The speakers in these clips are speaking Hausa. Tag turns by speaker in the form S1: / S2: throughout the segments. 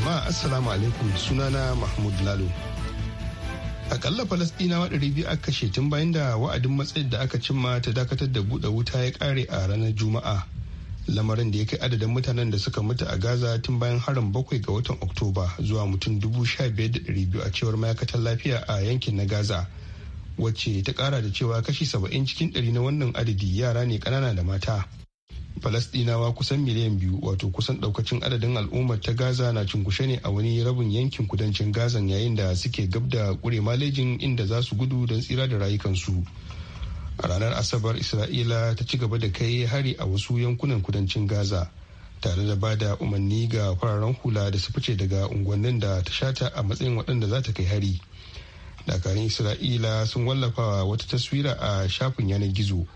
S1: jama'a assalamu alaikum sunana mahmud lalo akalla falastinawa ɗari biyu aka kashe tun bayan da wa'adin matsayin da aka cimma ta dakatar da buɗe wuta ya ƙare a ranar juma'a lamarin da ya kai adadin mutanen da suka mutu a gaza tun bayan harin bakwai ga watan oktoba zuwa mutum dubu sha biyar da ɗari biyu a cewar ma'aikatar lafiya a yankin na gaza wacce ta ƙara da cewa kashi saba'in cikin ɗari na wannan adadi yara ne ƙanana da mata Falasɗinawa kusan miliyan biyu wato kusan daukacin adadin al'ummar ta Gaza na cunkushe ne a wani rabin yankin kudancin Gazan yayin da suke gab da kure malejin inda za su gudu don tsira da rayukansu. A ranar Asabar Isra'ila ta ci gaba da kai hari a wasu yankunan kudancin Gaza tare da bada umarni ga fararen hula da su fice daga unguwannin da ta shata a matsayin waɗanda za ta kai hari. Dakarun Isra'ila sun wallafa wata taswira a shafin yanar gizo.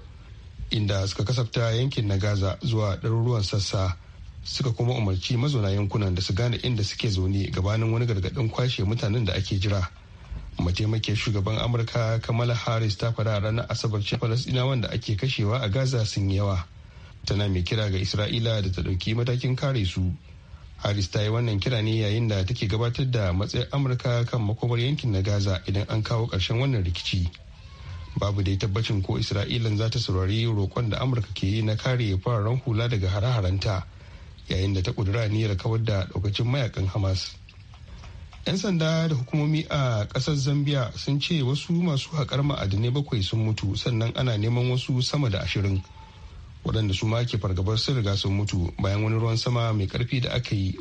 S1: inda suka kasafta yankin na gaza zuwa ɗaruruwan sassa suka kuma umarci mazauna yankunan da su gane inda suke zaune gabanin wani gargaɗin kwashe mutanen da ake jira mataimakiyar shugaban amurka kamala harris ta fara ranar asabar ce falasdinawan da ake kashewa a gaza sun yawa tana mai kira ga isra'ila da ta ɗauki matakin kare su harris ta yi wannan kira ne yayin da take gabatar da matsayin amurka kan makomar yankin na gaza idan an kawo ƙarshen wannan rikici babu dai tabbacin ko isra'ilan za ta saurari roƙon da amurka ke yi na kare fararen hula daga hare-harenta yayin da ta kudura niyyar kawar da ɗaukacin mayakan hamas 'yan sanda da hukumomi a ƙasar zambia sun ce wasu masu haƙar ma'adinai bakwai sun mutu sannan ana neman wasu sama da ashirin waɗanda su ma ke fargabar sun riga sun mutu bayan wani ruwan sama mai ƙarfi da aka yi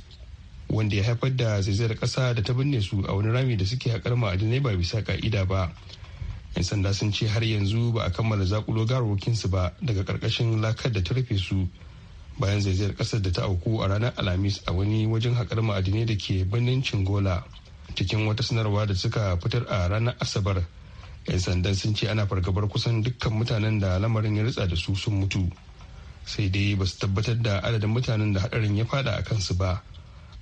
S1: wanda ya haifar da zaizayar ƙasa da ta binne su a wani rami da suke haƙar ma'adinai ba bisa ƙa'ida ba 'yan sanda sun ce har yanzu ba a kammala zakulo su ba daga karkashin lakar da ta rufe su bayan zaizayar kasar da ta auku a ranar alhamis a wani wajen haƙar ma'adinai da ke birnin cingola cikin wata sanarwa da suka fitar a ranar asabar 'yan sandan sun ce ana fargabar kusan dukkan mutanen da lamarin ya ritsa da su sun mutu sai dai ba su tabbatar da adadin mutanen da haɗarin ya fada a kansu ba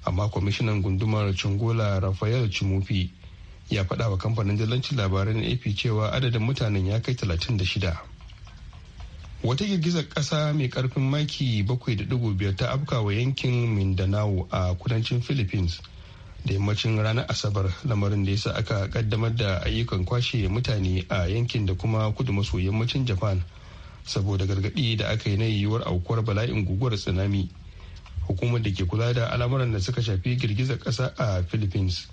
S1: amma kwamishinan gundumar cingola rafael chimufi ya faɗa wa kamfanin dillancin labarai na ap cewa adadin mutanen ya kai 36 wata girgizar ƙasa mai ƙarfin maki 7.5 ta wa yankin mindanao a kudancin philippines da yammacin ranar asabar lamarin da ya sa aka kaddamar da ayyukan kwashe mutane a yankin da kuma kudu maso yammacin japan saboda gargaɗi da aka yi na yiwuwar aukuwar bala'in guguwar tsunami hukumar da ke kula da al'amuran da suka shafi girgizar ƙasa a philippines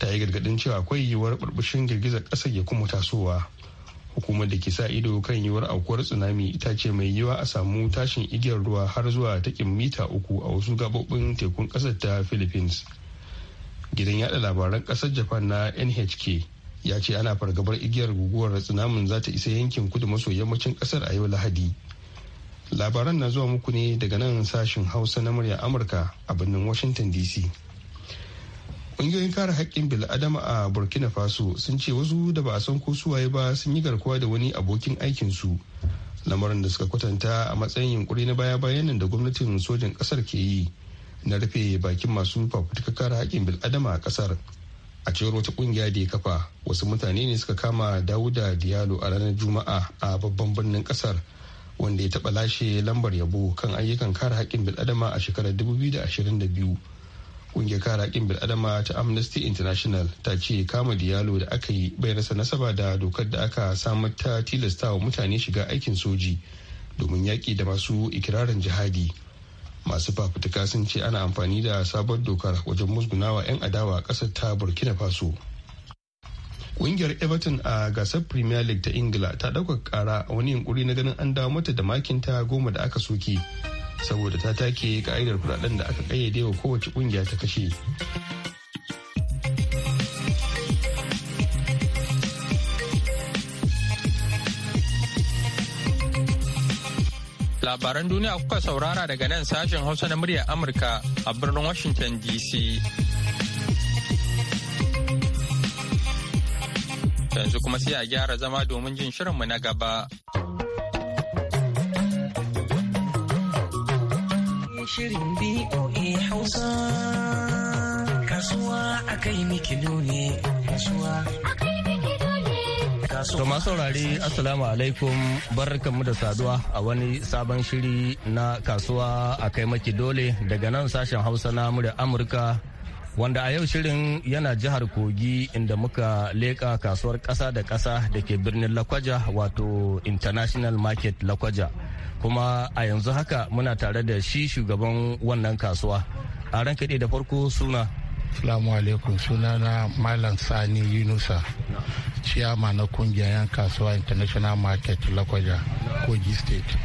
S1: ta yi gargadin cewa akwai yiwuwar burbushin girgizar ƙasar ya kuma tasowa hukumar da ke sa ido kan yiwuwar aukuwar tsunami ita ce mai yiwa a samu tashin igiyar ruwa har zuwa takin mita uku a wasu gabobin tekun ƙasar ta philippines gidan yada labaran ƙasar japan na nhk ya ce ana fargabar igiyar guguwar tsunamin za ta isa yankin kudu maso yammacin ƙasar a yau lahadi labaran na zuwa muku ne daga nan sashin hausa na murya amurka a birnin washington dc ƙungiyoyin kare haƙƙin bil'adama a burkina faso sun ce wasu da ba a san ko suwaye ba sun yi garkuwa da wani abokin aikinsu lamarin da suka kwatanta a matsayin yunkuri na baya-bayan nan da gwamnatin sojin ƙasar ke yi na rufe bakin masu fafutuka kare haƙƙin bil'adama a ƙasar a cewar wata ƙungiya da ya kafa wasu mutane ne suka kama dawuda diallo a ranar juma'a a babban birnin ƙasar wanda ya taɓa lashe lambar yabo kan ayyukan kare haƙƙin bil'adama a shekarar biyu. kungiyar kare bil'adama ta amnesty international ta ce kama diyalo da aka yi bai rasa nasaba da dokar da aka samar ta tilasta wa mutane shiga aikin soji domin yaƙi da masu ikirarin jihadi masu fafutuka sun ce ana amfani da sabon dokar wajen musgunawa 'yan adawa a ƙasar ta burkina faso kungiyar everton a gasar premier league ta ingila ta dauka kara a wani yunkuri na ganin an dawo mata da makinta goma da aka soke saboda ta take ka'idar kudaden da aka kayyade wa kowace kungiya ta kashe.
S2: Labaran duniya kuka saurara daga nan sashen Hausa na muryar Amurka a birnin Washington DC. Yanzu kuma sai a gyara zama domin jin shirinmu na gaba.
S3: shirin BOA Hausa. Kasuwa a kai ne, kasuwa a kai To masu saurari
S4: Assalamu alaikum barkanmu da saduwa a wani sabon shiri na kasuwa a kai maki dole daga nan sashen Hausa na murya Amurka wanda a yau shirin yana jihar Kogi inda muka leƙa kasuwar ƙasa da ƙasa da ke birnin Lakwaja wato International Market Lakwaja. kuma a yanzu haka muna tare da shi shugaban wannan
S5: kasuwa a ran kaɗe da farko suna Salamu alaikum suna na Malam Sani Yunusa, ciyama na kungiyar yan kasuwa International Market Lakwaja, Kogi State.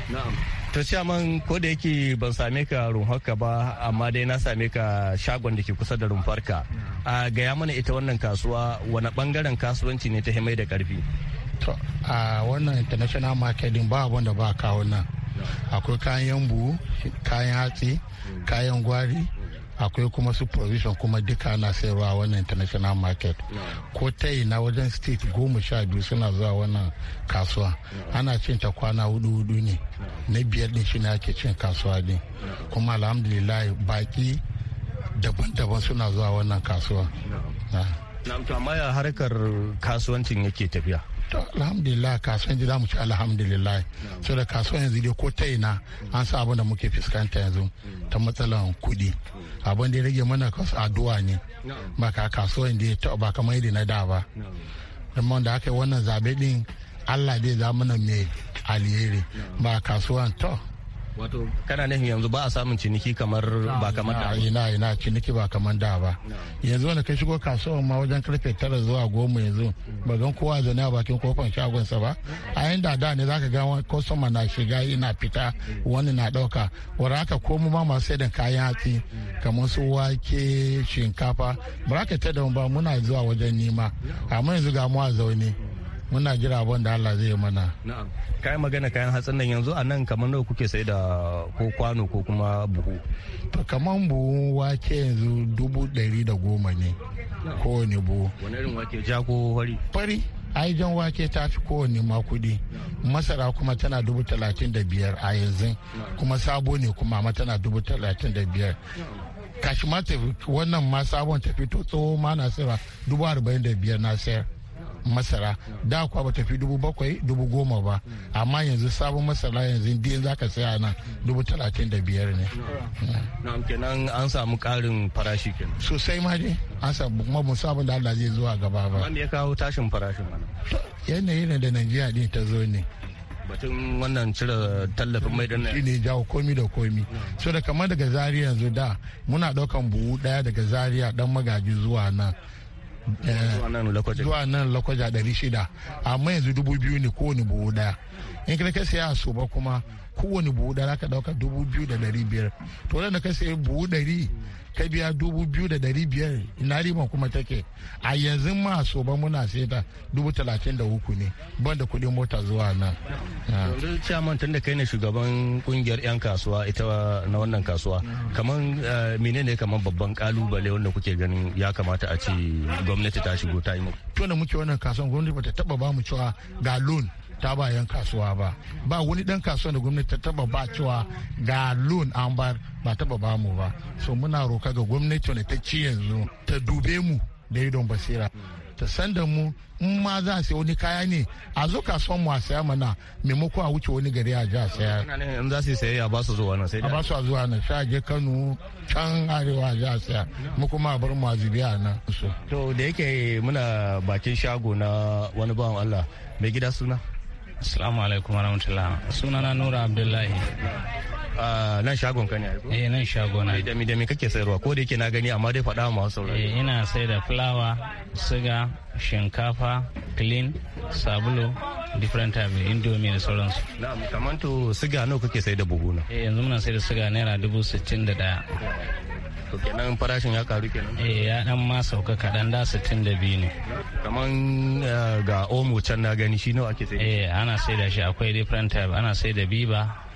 S4: To ciyaman ko da yake ban same ka rumfarka ba amma dai na same ka shagon da ke kusa da rumfarka. A gaya mana ita wannan kasuwa wani bangaren kasuwanci ne ta himai da karfi.
S5: a wannan international din ba abin da ba kawo nan. akwai kayan buhu kayan hatsi kayan gwari akwai kuma su provision kuma duka ana sayarwa a wannan international market ko ta na wajen state goma sha biyu suna zuwa wannan kasuwa ana cin ta kwana hudu hudu ne na biyar din shi ne ake cin kasuwa din kuma alhamdulillah baki daban-daban suna zuwa wannan kasuwa na
S4: amma harkar kasuwancin yake tafiya
S5: alhamdulillah kasuwan ji za mu ci alhamdulillah so da kasuwan yanzu dai ko ta ina an sa abin da muke fuskanta yanzu mm. ta matsalan kuɗi mm. abin da ya rage mana addu'a ne ba ka kasuwan da ba kamar yadda na da ba amma da aka yi wannan zabe din allah dai za mana mai alheri ba kasuwan to
S4: wato kana nufin yanzu ba a samun ciniki kamar ba kamar da ina
S5: ina ciniki ba kamar da ba yanzu wanda kai shigo kasuwa ma wajen karfe tara zuwa goma yanzu ba gan kowa zane a bakin kofar sa ba a yin da da ne zaka ga kwastoma na shiga ina fita wani na dauka wara haka ko mu ma sai da kayan hatsi kamar su wake shinkafa ba ka ta da ba muna zuwa wajen nima amma yanzu ga mu a zaune muna jira abin da Allah zai mana
S3: kayan
S4: magana kayan hatsin nan yanzu a nan kamar nawa kuke sai da ko kwano ko kuma buhu
S5: to kamar buhu wake yanzu dubu ɗari da goma ne kowane buhu wani
S4: irin wake ja ko fari
S5: fari ai jan wake ta fi kowane makudi masara kuma tana dubu talatin da biyar a yanzu kuma sabo ne kuma ma tana dubu talatin da biyar kashi ma wannan ma sabon ta fito tsoho ma na sayarwa dubu arba'in da biyar na sayar masara da kuwa bata fi dubu bakwai dubu goma ba amma yanzu sabon masara yanzu din za ka saya na dubu talatin da biyar ne.
S4: Na'am kenan an samu karin farashi kenan. Sosai
S5: ma dai an samu kuma mun samu da Allah zai zuwa gaba ba. Wanda
S4: ya kawo tashin farashin mana.
S5: Yanayi ne da Najeriya din ta zo ne.
S4: batun wannan cire tallafin mai dinnan shi ne
S5: jawo komi da komi so da kamar daga zaria yanzu da muna daukan buhu daya daga zaria dan magaji zuwa nan Eh.
S4: zuwa
S5: nan lakwaja 600 amma yanzu 2000 ne kowane buhu daya in ka siya a soba kuma kowane buhu da ka dauka dubu biyu da dari biyar to da ka sayi buhu dari ka biya dubu biyu da dari biyar ina rima kuma take a yanzu ma so ba muna sai ta dubu talatin da uku ne ban da kuɗin mota zuwa nan.
S4: yanzu chairman tun da kai ne shugaban kungiyar 'yan kasuwa ita na wannan kasuwa kamar eh, menene kamar babban kalubale wanda kuke ganin ya kamata a ce gwamnati ta shigo ta yi muku.
S5: tun da muke wannan kasuwan gwamnati ba ta taba ba mu cewa ga loan ta ba yan kasuwa ba ba wani dan kasuwa da gwamnati ta taba ba cewa ga loan an ba ba taba ba mu ba so muna roka ga gwamnati wani ta ci yanzu ta dube mu da idon basira ta san da mu in ma za a sayi wani kaya ne a zo kasuwan mu a saya mana maimako a wuce wani gari a ji a saya. in za su saye a ba su zuwa nan sai a ba su zuwa nan sha je Kano can arewa a ji a saya mu kuma a bar mu a zubi a nan. to
S4: da yake muna bakin shago na wani bawan Allah mai gida suna. Assalamu alaikum
S6: warahmatullah. Sunana Nura Abdullahi. Ah, nan shagon ka ne eh nan shago na da mi da
S4: kake sayarwa ko da yake na gani amma dai faɗa ma wasu
S6: eh ina sai da fulawa siga shinkafa clean sabulu different type indomie da sauransu
S4: na'am kamar to siga nawa kake sai da buhu na
S6: eh yanzu muna sai da siga naira dubu sittin da ɗaya. to kenan farashin ya karu kenan eh ya dan ma sauka kadan da 62 ne kaman eh, ga omo can na gani shi nawa ake sai eh ana sai da shi akwai different type ana sai da biba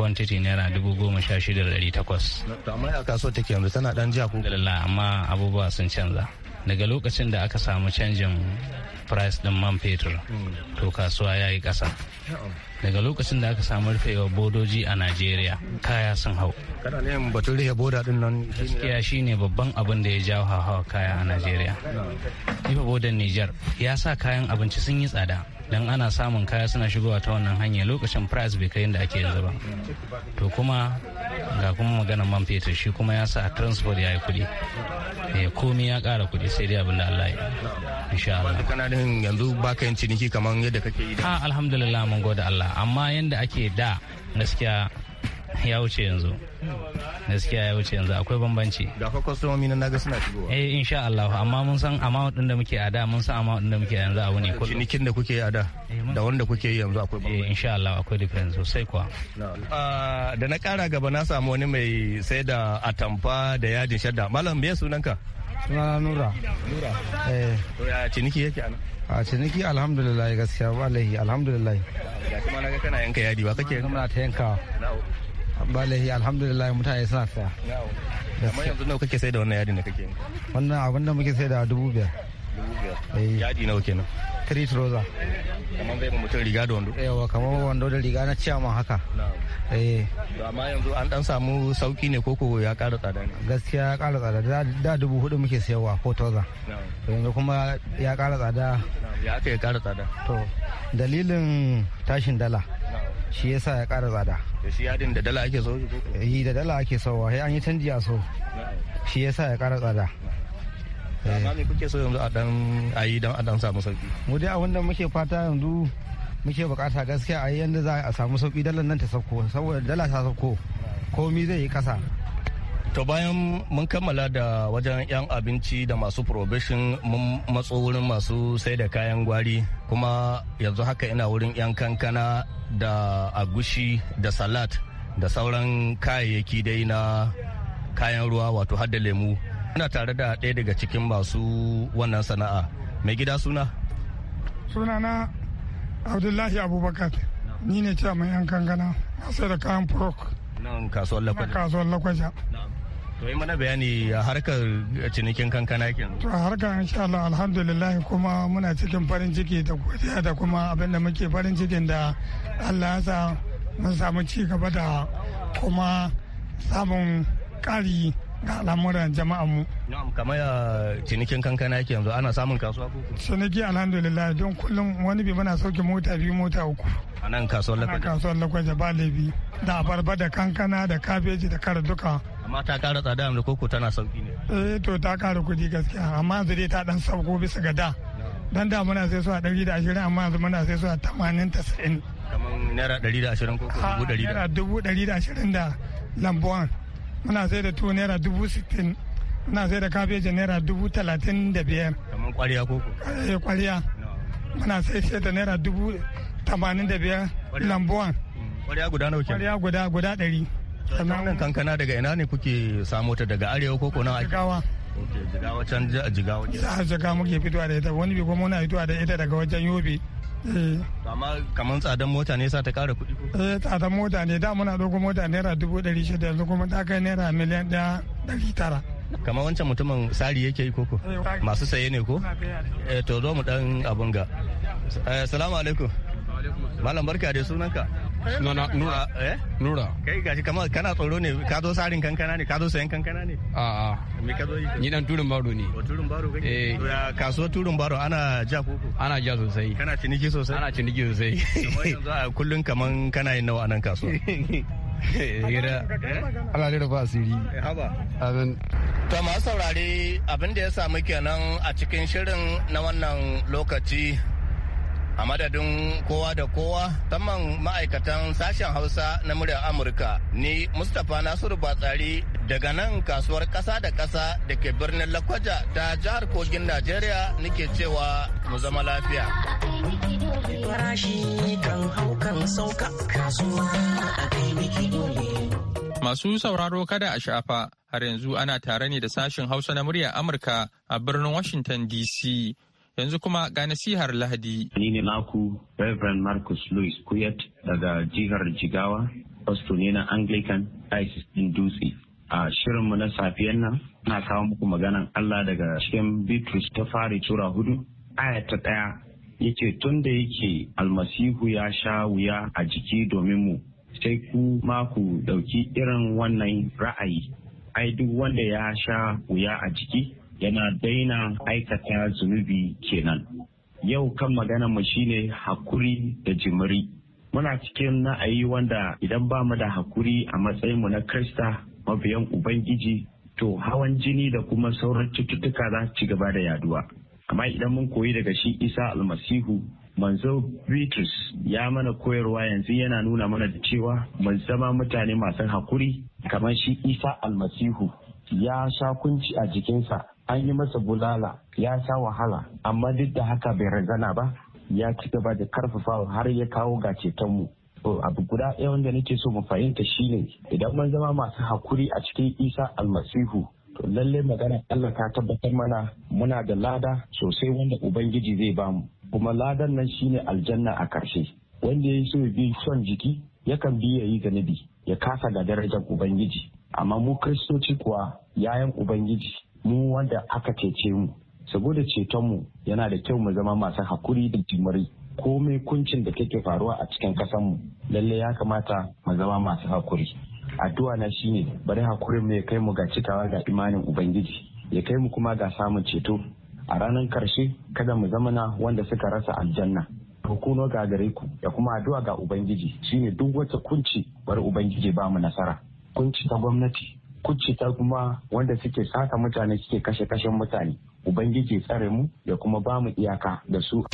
S6: kwantiti naira dubu goma sha shida da ɗari takwas. to amma ya kaso take yanzu tana ɗan jiya ko. alhamdulillah amma abubuwa sun canza daga lokacin da aka samu canjin price din man fetur hmm. to kasuwa ya yi ƙasa daga lokacin da aka samu rufewa bodoji a najeriya kaya sun hau kana ne batun rufe boda din nan gaskiya shine babban abin da ya jawo hawa kaya a najeriya rufe bodan Nijar ya sa kayan abinci sun yi tsada don ana samun kaya suna shigowa ta wannan hanya lokacin price bai kai yadda ake yanzu ba to kuma ga kuma maganar man fetur shi kuma ya sa transport ya yi kuɗi eh, komi ya kara kuɗi sai dai abin da Allah ya insha Allah kana da yanzu baka yin ciniki kamar yadda kake yi da alhamdulillah mun gode Allah amma yanda ake da gaskiya ya wuce yanzu gaskiya ya wuce yanzu akwai bambanci da fa kwastomomi na naga suna shigowa eh insha Allah amma mun san amma din da muke a da mun san amma din da muke yanzu a wuni kullum cinikin
S4: da kuke a da eh, da wanda kuke yi yanzu akwai eh, bambanci eh insha Allah akwai difference sosai kuwa ah, da na kara gaba na samu wani mai sai da atamfa da yadin shadda malam me sunanka
S7: sunana nura nura
S4: eh to ya ciniki yake anan
S6: a ciniki alhamdulillah gaskiya wallahi alhamdulillah
S4: ga kuma naga kana yanka yadi ba kake kuma ta yanka
S6: ba lahi alhamdulillah mutane suna saya
S4: amma yanzu nawa kake sai da wannan yadin da kake
S6: wannan abin da muke sai da dubu biyar
S4: dubu biyar eh. yadi nawa kenan three trouser kamar zai mutum riga da wando yawa kamar wando da riga na ciyama haka eh amma yanzu an dan samu sauki ne koko ya kara tsada ne
S6: gaskiya ya kara tsada da dubu hudu muke sayarwa ko toza. yanzu kuma ya kara tsada
S4: ya aka ya kara tsada
S6: to dalilin tashin dala shi yasa ya ƙara tsada
S4: to shi yadin da dala ake so yi eh, da
S6: dala ake so wa an yi canji a so shi yasa ya ƙara tsada
S4: amma me kuke so yanzu a dan dan a dan samu sauki
S6: mu dai abin da muke fata yanzu muke bukata gaskiya a yi yanda za a samu sauki dalar nan ta sauko saboda dala ta sauko komi zai yi kasa
S4: to bayan mun kammala da wajen 'yan abinci da masu probation mun matso wurin masu sai da kayan gwari kuma yanzu haka ina wurin 'yan kankana da agushi da salat da sauran kayayyaki dai na kayan ruwa wato hadda lemu ina tare da ɗaya daga cikin masu wannan sana'a mai gida suna
S8: sunana abdullahi abubakar ni ne mai yan kankana masu da kayan prok
S4: na kasuwar lakwaja To yi mana bayani a harkar cinikin kankana kin.
S8: To a harkar insha Allah alhamdulillah kuma muna cikin farin ciki da godiya da kuma abin da muke farin cikin da Allah ya sa mun samu ci gaba da kuma samun ƙari ga al'amuran jama'anmu.
S4: Na'am kamar ya cinikin kankana yake yanzu ana samun kasuwa ko?
S8: Ciniki alhamdulillah don kullum wani bi muna sauke mota biyu mota uku.
S4: A nan kasuwar lakwaje? A
S8: kasuwar lakwaje ba laifi da abarba da kankana da kabeji da kara duka.
S4: amma ta kara tsada yanzu koko tana sauki ne
S8: eh to ta kara kudi gaskiya amma yanzu dai ta dan sauko bisa ga da dan da muna sai su a ɗari da ashirin amma yanzu muna sai su a tamanin tasa'in
S4: kamar naira ɗari da ashirin ko dubu ɗari da
S8: dubu ɗari da ashirin da lambuwan muna sai da tuwo naira dubu sittin muna sai da kabeji naira dubu talatin da biyar
S4: kamar kwariya koko.
S8: ko kwariya eh, muna sai sai da naira dubu tamanin da biyar lambuwan kwariya mm, guda nawa kwariya guda guda ɗari wannan kankana daga
S4: ina ne kuke samo ta daga arewa ko ko a jigawa jigawa can jigawa a
S8: jigawa muke fitowa da ita wani bi kuma muna fitowa da ita daga wajen yobe eh. amma kamar tsadan
S4: mota ne sa ta kara kuɗi ko
S8: eh tsadan mota ne da muna dogo mota naira dubu ɗari shida yanzu kuma ta kai naira miliyan ɗaya ɗari tara
S4: kamar wancan mutumin sari yake yi koko eh, masu saye ne ko eh, to zo mu dan abun ga salamu alaikum malam barka da sunanka Sunana Nura. Ah, eh? Nura. Kai gashi kamar kana tsoro ne ka zo sarin kankana ne ka zo sayan kankana ne? A'a. Ah, ah. Me ka zo yi? Ni dan turin baro ne. O oh, turin baro kake? Eh. To ya kasuwar turin baro ana ja koko? Ana ja sosai. Kana ciniki sosai? Ana ciniki sosai. Kamar yanzu a kullun kaman kana yin nawa a nan kasuwa. hira ana da ba
S1: asiri eh, amin
S4: to masu saurare abin da ya samu kenan a cikin shirin na wannan lokaci a madadin kowa da kowa saman ma'aikatan sashen hausa na muryar amurka ni mustapha nasiru batsari daga nan kasuwar ƙasa da ƙasa da ke birnin lakwaja ta jihar kogin najeriya nike cewa mu zama lafiya
S2: masu sauraro kada a shafa har yanzu ana tare ne da sashen hausa na muryar amurka a birnin washington dc yanzu kuma ga nasihar lahadi. Ni ne
S7: naku Reverend Marcus Louis Kuyat daga jihar Jigawa, pastor ne na Anglican Isis din Dutse. A shirinmu na safiyan nan, na kawo muku maganan Allah daga cikin Bitrus ta fari tura hudu, aya ta ɗaya yake tun da yake almasihu ya sha wuya a jiki domin mu sai ku ma ku ɗauki irin wannan ra'ayi ai duk wanda ya sha wuya a jiki yana daina aikata zunubi kenan yau kan magana mu shine hakuri da jimiri muna cikin na'ayi wanda idan ba mu da hakuri a matsayin mu na krista mabiyan ubangiji to hawan jini da kuma sauran cututtuka za su ci gaba da yaduwa amma idan mun koyi daga shi isa almasihu manzo Bitrus ya mana koyarwa yanzu yana nuna mana da cewa mun zama mutane masu hakuri kamar shi Isa almasihu ya sha kunci a jikinsa an yi masa bulala ya sha wahala amma duk da haka bai ragana ba ya ci gaba da karfafa har ya kawo ga cetonmu to abu guda ɗaya wanda nake so mu fahimta shine idan mun zama masu hakuri a cikin isa almasihu to lallai magana allah ta tabbatar mana muna da lada sosai wanda ubangiji zai bamu kuma ladan nan shine aljanna a karshe wanda ya so bi son jiki yakan bi ya yi zanibi ya kasa ga darajar ubangiji amma mu kristoci kuwa yayan ubangiji mu wanda aka cece mu saboda ceton mu yana da kyau mu zama masu hakuri da jimiri komai kuncin da kake faruwa a cikin mu lalle ya kamata mu zama masu hakuri addu'a na shine bari hakurin mu ya kai mu ga cikawa ga imanin ubangiji ya kai mu kuma ga samun ceto a ranar karshe kada mu zama na wanda suka rasa aljanna hukuno ga gare ku da kuma addu'a ga ubangiji shine duk wata kunci bari ubangiji ba mu nasara kunci ta gwamnati kuccita kuma wanda suke saka mutane suke kashe kashen mutane ubangiji tsare mu da kuma bamu iyaka da su.